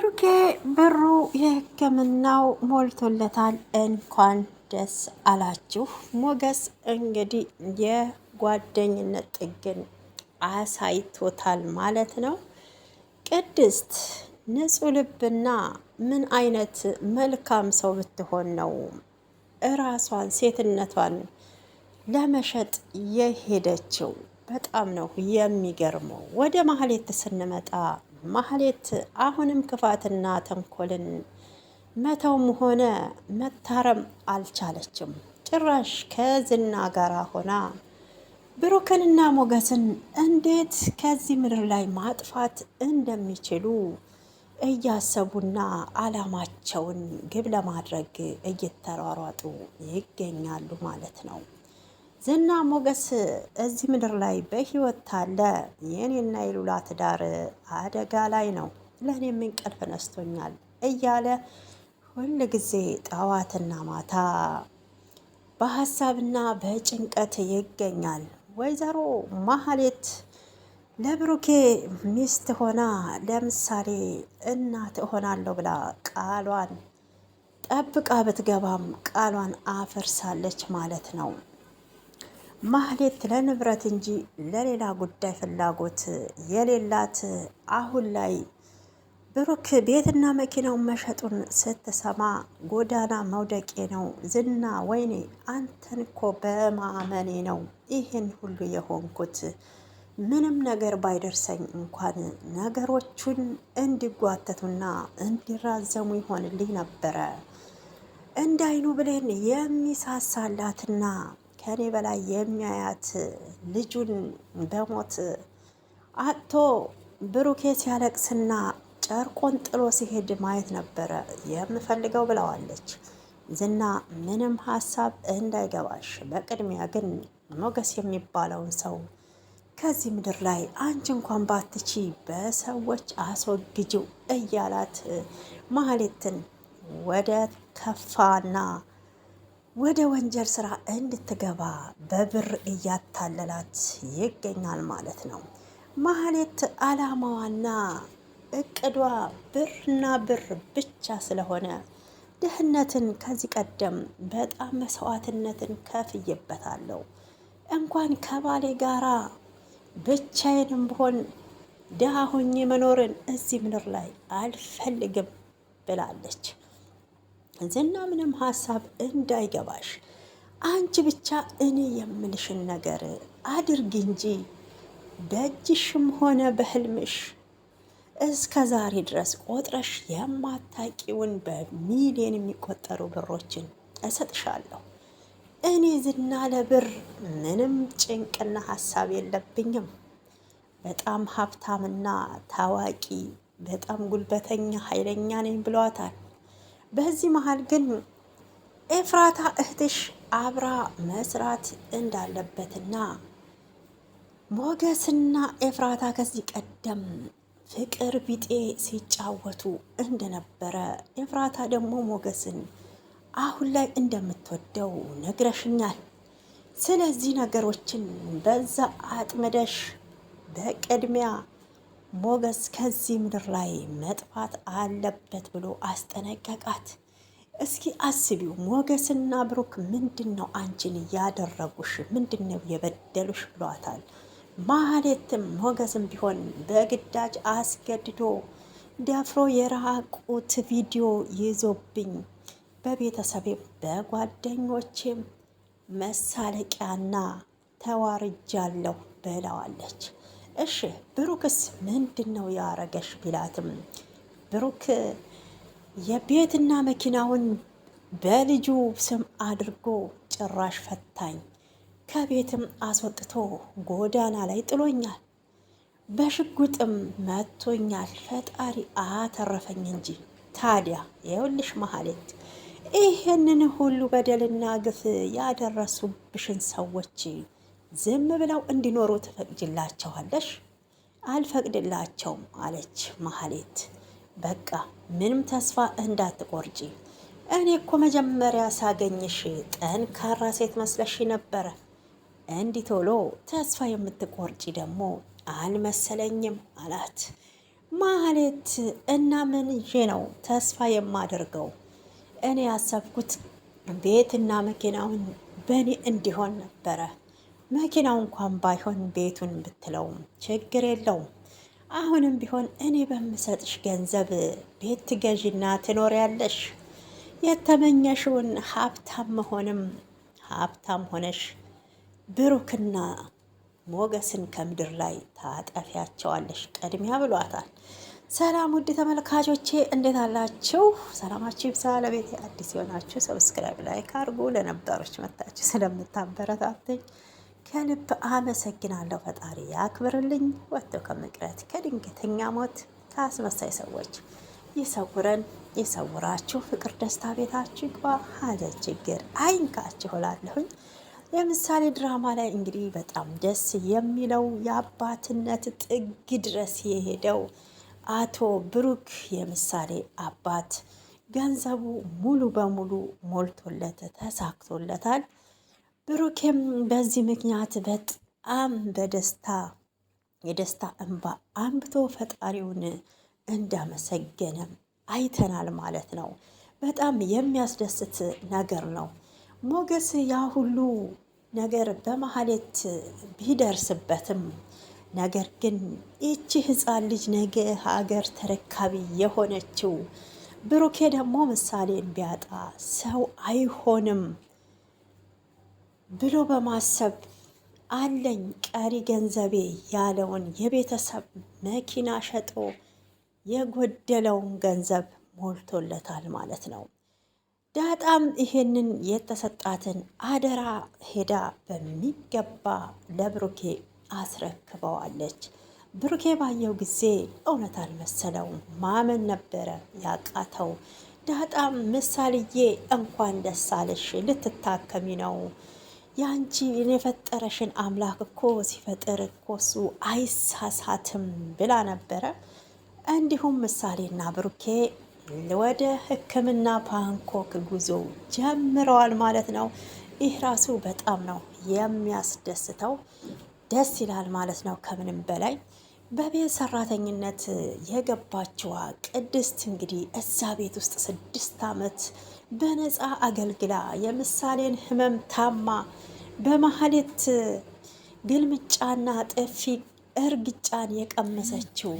ብሩኬ ብሩ የሕክምናው ሞልቶለታል። እንኳን ደስ አላችሁ። ሞገስ እንግዲህ የጓደኝነት ጥግን አሳይቶታል ማለት ነው። ቅድስት ንጹሕ ልብና ምን አይነት መልካም ሰው ብትሆን ነው እራሷን ሴትነቷን ለመሸጥ የሄደችው? በጣም ነው የሚገርመው። ወደ ማህሌት ስንመጣ ማህሌት አሁንም ክፋትና ተንኮልን መተውም ሆነ መታረም አልቻለችም። ጭራሽ ከዝና ጋር ሆና ብሩክንና ሞገስን እንዴት ከዚህ ምድር ላይ ማጥፋት እንደሚችሉ እያሰቡና አላማቸውን ግብ ለማድረግ እየተሯሯጡ ይገኛሉ ማለት ነው። ዝና ሞገስ እዚህ ምድር ላይ በህይወት አለ። የኔና የሉላ ትዳር አደጋ ላይ ነው፣ ለእኔም እንቅልፍ ነስቶኛል እያለ ሁል ጊዜ ጠዋትና ማታ በሀሳብና በጭንቀት ይገኛል። ወይዘሮ ማህሌት ለብሩኬ ሚስት ሆና ለምሳሌ እናት እሆናለሁ ብላ ቃሏን ጠብቃ ብትገባም ቃሏን አፈርሳለች ማለት ነው። ማህሌት ለንብረት እንጂ ለሌላ ጉዳይ ፍላጎት የሌላት አሁን ላይ ብሩክ ቤትና መኪናውን መሸጡን ስትሰማ ጎዳና መውደቄ ነው ዝና፣ ወይኔ አንተን እኮ በማመኔ ነው ይህን ሁሉ የሆንኩት ምንም ነገር ባይደርሰኝ እንኳን ነገሮቹን እንዲጓተቱና እንዲራዘሙ ይሆንልኝ ነበረ። እንደ አይኑ ብሌን የሚሳሳላትና ከኔ በላይ የሚያያት ልጁን በሞት አጥቶ ብሩኬ ሲያለቅስና ጨርቆን ጥሎ ሲሄድ ማየት ነበረ የምፈልገው ብለዋለች። ዝና ምንም ሀሳብ እንዳይገባሽ፣ በቅድሚያ ግን ሞገስ የሚባለውን ሰው ከዚህ ምድር ላይ አንቺ እንኳን ባትቺ በሰዎች አስወግጅው እያላት ማህሌትን ወደ ከፋና ወደ ወንጀል ስራ እንድትገባ በብር እያታለላት ይገኛል ማለት ነው። ማህሌት አላማዋና እቅዷ ብርና ብር ብቻ ስለሆነ ድህነትን ከዚህ ቀደም በጣም መስዋዕትነትን ከፍዬበታለሁ። እንኳን ከባሌ ጋራ ብቻዬንም ብሆን ድሃ ሆኜ መኖርን እዚህ ምድር ላይ አልፈልግም ብላለች። ዝና ምንም ሀሳብ እንዳይገባሽ አንቺ ብቻ እኔ የምልሽን ነገር አድርጊ እንጂ በእጅሽም ሆነ በህልምሽ እስከ ዛሬ ድረስ ቆጥረሽ የማታቂውን በሚሊዮን የሚቆጠሩ ብሮችን እሰጥሻለሁ። እኔ ዝና ለብር ምንም ጭንቅና ሀሳብ የለብኝም። በጣም ሀብታምና ታዋቂ፣ በጣም ጉልበተኛ፣ ኃይለኛ ነኝ ብሏታል። በዚህ መሀል ግን ኤፍራታ እህትሽ አብራ መስራት እንዳለበትና ሞገስና ኤፍራታ ከዚህ ቀደም ፍቅር ቢጤ ሲጫወቱ እንደነበረ ኤፍራታ ደግሞ ሞገስን አሁን ላይ እንደምትወደው ነግረሽኛል። ስለዚህ ነገሮችን በዛ አጥምደሽ በቅድሚያ ሞገስ ከዚህ ምድር ላይ መጥፋት አለበት ብሎ አስጠነቀቃት። እስኪ አስቢው ሞገስና ብሩክ ምንድን ነው አንቺን ያደረጉሽ? ምንድን ነው የበደሉሽ? ብሏታል። ማህሌትም ሞገስም ቢሆን በግዳጅ አስገድዶ ደፍሮ የራቁት ቪዲዮ ይዞብኝ በቤተሰቤም በጓደኞቼም መሳለቂያና ተዋርጃለሁ ብለዋለች። እሺ ብሩክስ ምንድን ነው ያረገሽ ቢላትም ብሩክ የቤትና መኪናውን በልጁ ስም አድርጎ ጭራሽ ፈታኝ፣ ከቤትም አስወጥቶ ጎዳና ላይ ጥሎኛል፣ በሽጉጥም መቶኛል፣ ፈጣሪ አተረፈኝ እንጂ ታዲያ የውልሽ መሀሌት ይህንን ሁሉ በደልና ግፍ ያደረሱብሽን ሰዎች ዝም ብለው እንዲኖሩ ትፈቅጅላቸዋለሽ? አልፈቅድላቸውም አለች መሀሌት። በቃ ምንም ተስፋ እንዳትቆርጪ። እኔ እኮ መጀመሪያ ሳገኝሽ ጠንካራ ሴት መስለሽ ነበረ። እንዲህ ቶሎ ተስፋ የምትቆርጪ ደግሞ አልመሰለኝም አላት። መሀሌት እና ምን ይዤ ነው ተስፋ የማደርገው? እኔ ያሰብኩት ቤትና መኪናውን በእኔ እንዲሆን ነበረ መኪናው እንኳን ባይሆን ቤቱን ብትለውም ችግር የለውም። አሁንም ቢሆን እኔ በምሰጥሽ ገንዘብ ቤት ትገዢና ትኖሪያለሽ። የተመኘሽውን ሀብታም መሆንም ሀብታም ሆነሽ ብሩክና ሞገስን ከምድር ላይ ታጠፊያቸዋለሽ ቅድሚያ ብሏታል። ሰላም ውድ ተመልካቾቼ እንዴት አላችሁ? ሰላማችሁ ይብዛ። ለቤት አዲስ የሆናችሁ ሰብስክራይብ፣ ላይክ አድርጉ። ለነባሮች መታችሁ ስለምታበረታተኝ ከልብ አመሰግናለሁ። ፈጣሪ ያክብርልኝ። ወጥቶ ከመቅረት ከድንገተኛ ሞት ከአስመሳይ ሰዎች ይሰውረን፣ ይሰውራችሁ። ፍቅር ደስታ ቤታችሁ ይግባ፣ ሀዘን ችግር አይንካችሁ እላለሁኝ። የምሳሌ ድራማ ላይ እንግዲህ በጣም ደስ የሚለው የአባትነት ጥግ ድረስ የሄደው አቶ ብሩክ የምሳሌ አባት ገንዘቡ ሙሉ በሙሉ ሞልቶለት ተሳክቶለታል። ብሩኬም በዚህ ምክንያት በጣም በደስታ የደስታ እንባ አንብቶ ፈጣሪውን እንዳመሰገነም አይተናል ማለት ነው። በጣም የሚያስደስት ነገር ነው። ሞገስ ያ ሁሉ ነገር በመሀሌት ቢደርስበትም ነገር ግን ይቺ ሕፃን ልጅ ነገ ሀገር ተረካቢ የሆነችው ብሩኬ ደግሞ ምሳሌን ቢያጣ ሰው አይሆንም። ብሎ በማሰብ አለኝ ቀሪ ገንዘቤ ያለውን የቤተሰብ መኪና ሸጦ የጎደለውን ገንዘብ ሞልቶለታል ማለት ነው። ዳጣም ይሄንን የተሰጣትን አደራ ሄዳ በሚገባ ለብሩኬ አስረክበዋለች። ብሩኬ ባየው ጊዜ እውነት አልመሰለውም፣ ማመን ነበረ ያቃተው። ዳጣም ምሳሌዬ እንኳን ደስ አለሽ ልትታከሚ ነው የአንቺ የፈጠረሽን አምላክ እኮ ሲፈጥር እኮ እሱ አይሳሳትም ብላ ነበረ። እንዲሁም ምሳሌና ብሩኬ ወደ ሕክምና ባንኮክ ጉዞ ጀምረዋል ማለት ነው። ይህ ራሱ በጣም ነው የሚያስደስተው። ደስ ይላል ማለት ነው። ከምንም በላይ በቤት ሰራተኝነት የገባችዋ ቅድስት እንግዲህ እዛ ቤት ውስጥ ስድስት ዓመት በነፃ አገልግላ የምሳሌን ህመም ታማ በማህሌት ግልምጫና ጥፊ እርግጫን የቀመሰችው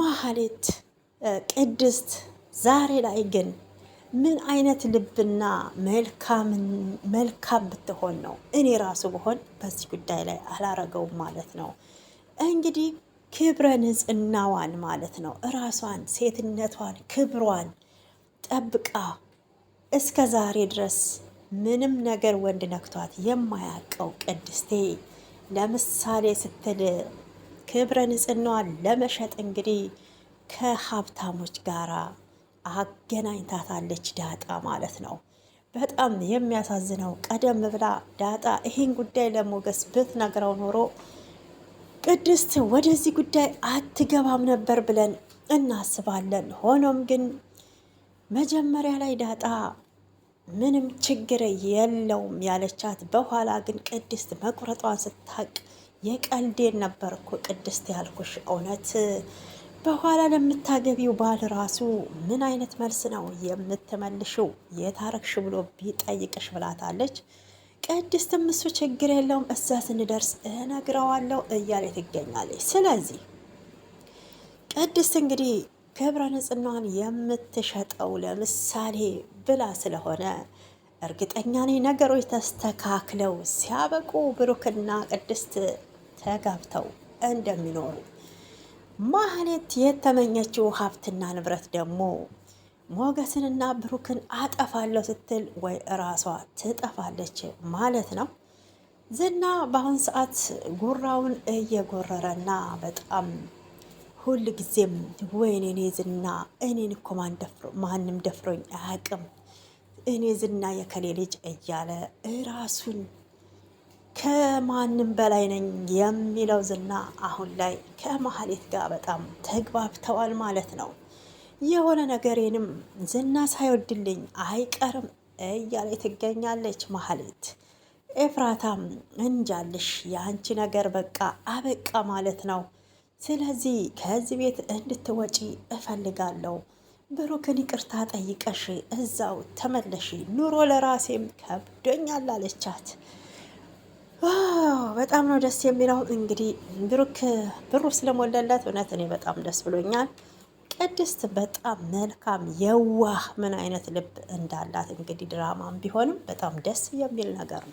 ማህሌት ቅድስት ዛሬ ላይ ግን ምን አይነት ልብና መልካም ብትሆን ነው? እኔ ራሱ ብሆን በዚህ ጉዳይ ላይ አላረገውም ማለት ነው። እንግዲህ ክብረ ንጽህናዋን ማለት ነው እራሷን፣ ሴትነቷን፣ ክብሯን ጠብቃ እስከ ዛሬ ድረስ ምንም ነገር ወንድ ነክቷት የማያውቀው ቅድስቴ ለምሳሌ ስትል ክብረ ንጽህናዋን ለመሸጥ እንግዲህ ከሀብታሞች ጋር አገናኝታታለች ዳጣ ማለት ነው። በጣም የሚያሳዝነው ቀደም ብላ ዳጣ ይህን ጉዳይ ለሞገስ ብትነግረው ኖሮ ቅድስት ወደዚህ ጉዳይ አትገባም ነበር ብለን እናስባለን። ሆኖም ግን መጀመሪያ ላይ ዳጣ ምንም ችግር የለውም ያለቻት። በኋላ ግን ቅድስት መቁረጧን ስታቅ የቀልዴን ነበር እኮ ቅድስት ያልኩሽ እውነት በኋላ ለምታገቢው ባል ራሱ ምን አይነት መልስ ነው የምትመልሽው? የታረክሽ ብሎ ቢጠይቅሽ ብላታለች። ቅድስትም እሱ ችግር የለውም እዛ ስንደርስ እነግረዋለሁ እያለ ትገኛለች። ስለዚህ ቅድስት እንግዲህ ክብረ ንጽናን የምትሸጠው ለምሳሌ ብላ ስለሆነ እርግጠኛ ነኝ ነገሮች ተስተካክለው ሲያበቁ ብሩክና ቅድስት ተጋብተው እንደሚኖሩ ማህሌት የተመኘችው ሀብትና ንብረት ደግሞ ሞገስንና ብሩክን አጠፋለሁ ስትል ወይ እራሷ ትጠፋለች ማለት ነው። ዝና በአሁን ሰዓት ጉራውን እየጎረረና በጣም ሁል ጊዜም ወይኔ ዝና እኔን እኮ ማንም ደፍሮኝ አያውቅም እኔ ዝና የከሌ ልጅ እያለ እራሱን ከማንም በላይ ነኝ የሚለው ዝና አሁን ላይ ከማህሌት ጋር በጣም ተግባብተዋል ማለት ነው። የሆነ ነገሬንም ዝና ሳይወድልኝ አይቀርም እያለ ትገኛለች ማህሌት። ኤፍራታም እንጃልሽ የአንቺ ነገር በቃ አበቃ ማለት ነው። ስለዚህ ከዚህ ቤት እንድትወጪ እፈልጋለሁ ብሩክን ይቅርታ ጠይቀሽ እዛው ተመለሽ፣ ኑሮ ለራሴም ከብዶኛል አለቻት። በጣም ነው ደስ የሚለው እንግዲህ ብሩክ ብሩ ስለሞላላት እውነት እኔ በጣም ደስ ብሎኛል። ቅድስት በጣም መልካም የዋህ ምን አይነት ልብ እንዳላት እንግዲህ ድራማም ቢሆንም በጣም ደስ የሚል ነገር ነው።